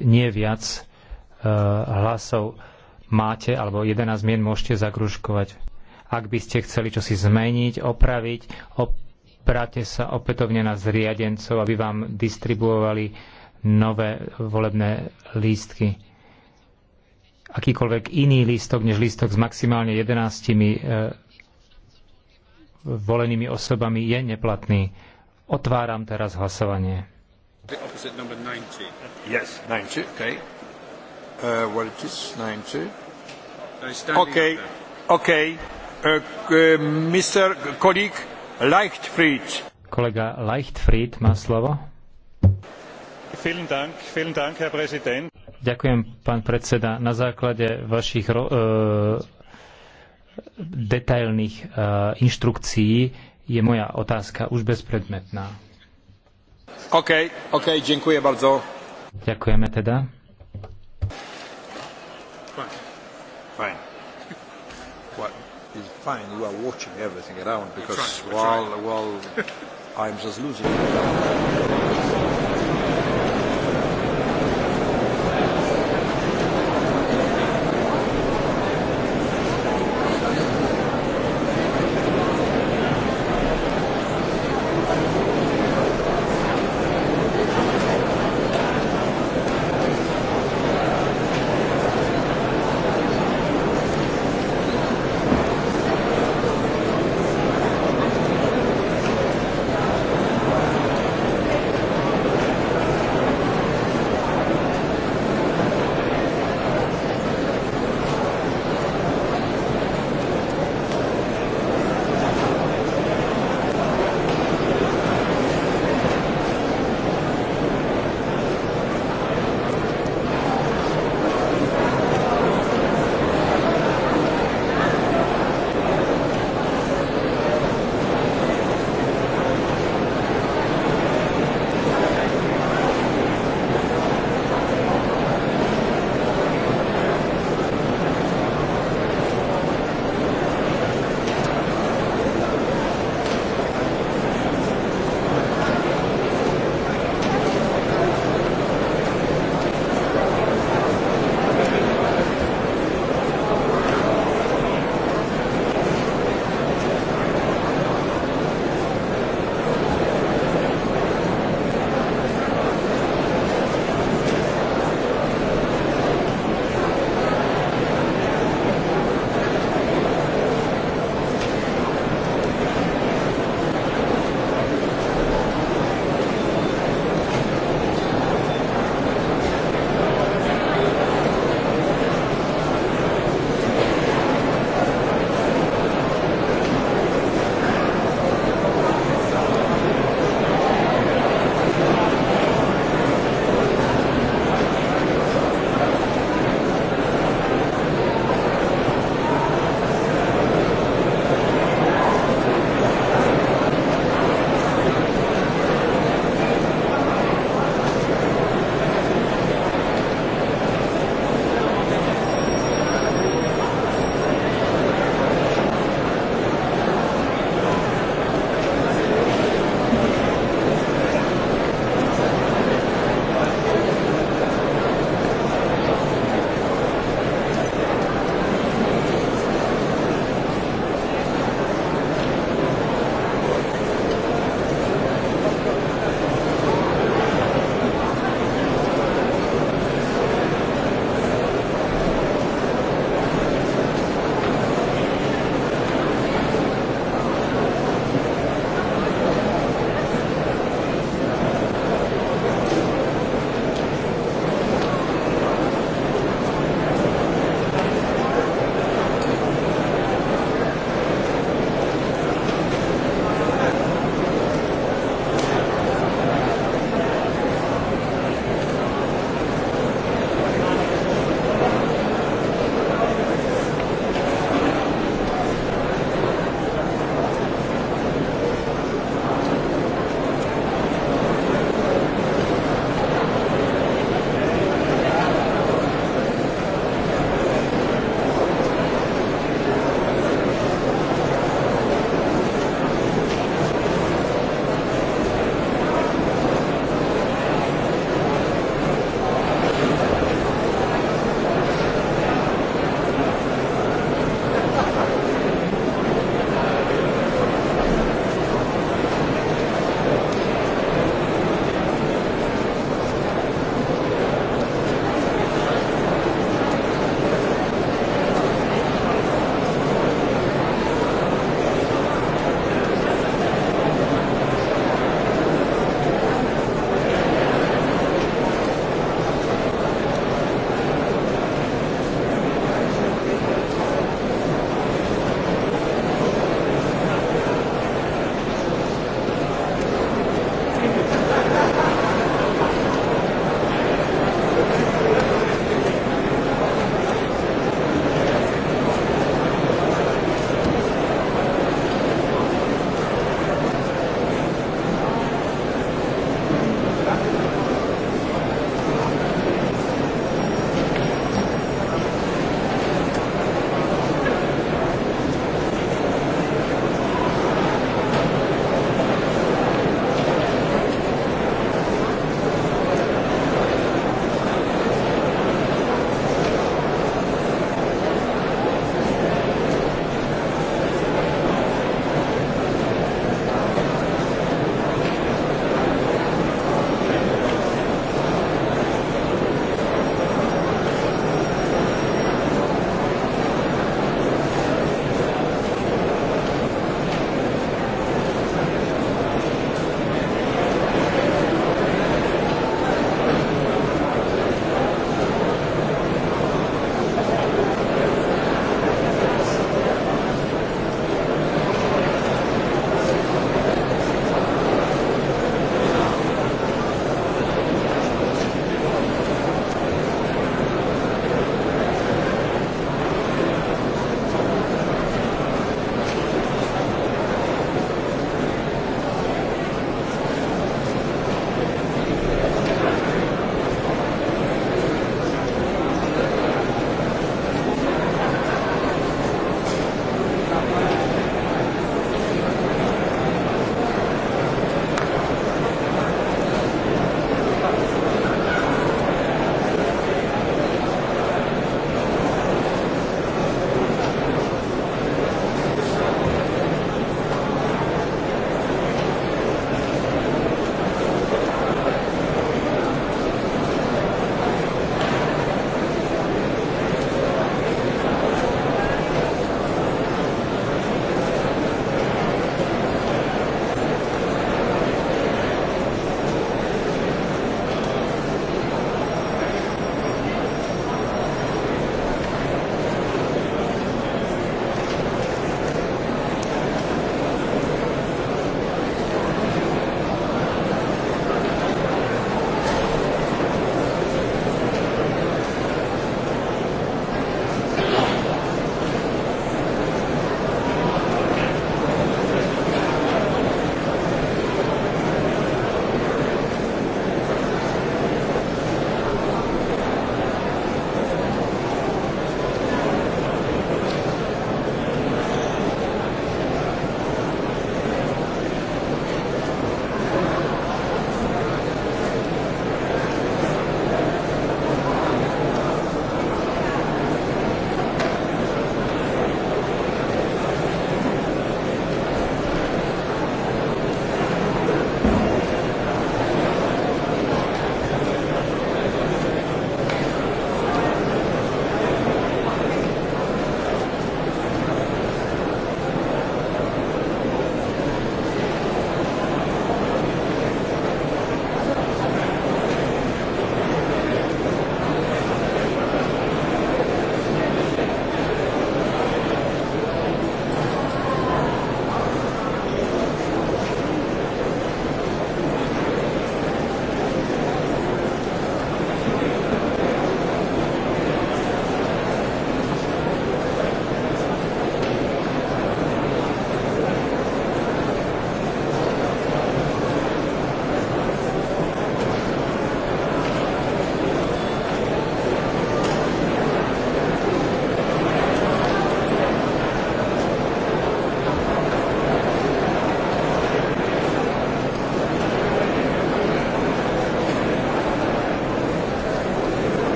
nie viac e, hlasov máte, alebo 11 mien môžete zakružkovať. Ak by ste chceli čosi zmeniť, opraviť, opráte sa opätovne na zriadencov, aby vám distribuovali nové volebné lístky. Akýkoľvek iný lístok než lístok s maximálne 11 e, volenými osobami je neplatný. Otváram teraz hlasovanie opposite number 90. Yes, 90, okay. Uh, what it is, 90. Okay, okay. Uh, uh, Mr. Leichtfried. Kolega Leichtfried má slovo. Vielen Dank, vielen Dank, Herr Präsident. Ďakujem, pán predseda. Na základe vašich ro- uh, detailných uh, inštrukcií je moja otázka už bezpredmetná. OK, OK, dziękuję bardzo. Ďakujeme teda. Fine. Fine. Well, it's fine. You are watching everything around because we're trying, we're while, trying. while I'm just losing.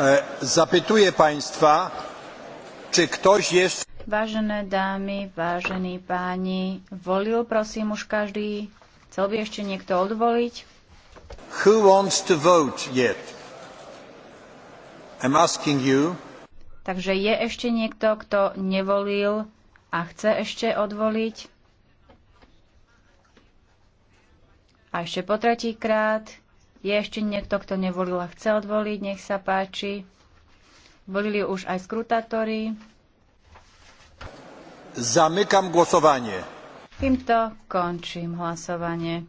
E, zapytuję Państwa, czy ktoś jeszcze... Vážené dámy, vážení páni, volil prosím už každý? Chcel by ešte niekto odvoliť? Who wants to vote yet? I'm asking you. Takže je ešte niekto, kto nevolil a chce ešte odvoliť? A ešte po tretíkrát. Je ešte niekto, kto nevolil a chce odvoliť? Nech sa páči. Volili už aj skrutátori. Zamykam hlasovanie. Týmto končím hlasovanie.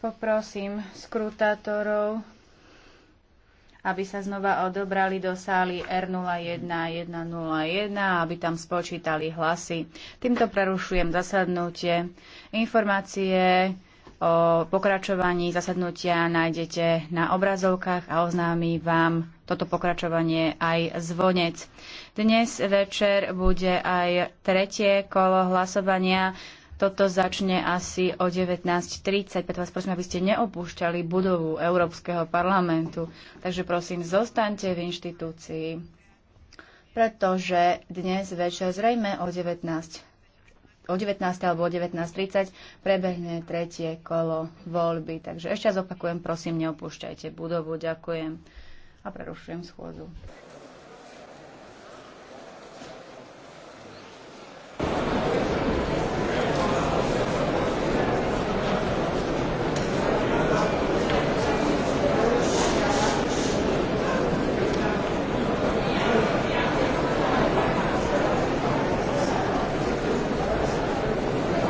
Poprosím skrutátorov, aby sa znova odobrali do sály R01101, aby tam spočítali hlasy. Týmto prerušujem zasadnutie. Informácie O pokračovaní zasadnutia nájdete na obrazovkách a oznámi vám toto pokračovanie aj zvonec. Dnes večer bude aj tretie kolo hlasovania. Toto začne asi o 19.30, preto vás prosím, aby ste neopúšťali budovu Európskeho parlamentu. Takže prosím, zostaňte v inštitúcii, pretože dnes večer zrejme o o 19. alebo o 19.30 prebehne tretie kolo voľby. Takže ešte raz opakujem, prosím, neopúšťajte budovu. Ďakujem a prerušujem schôdzu.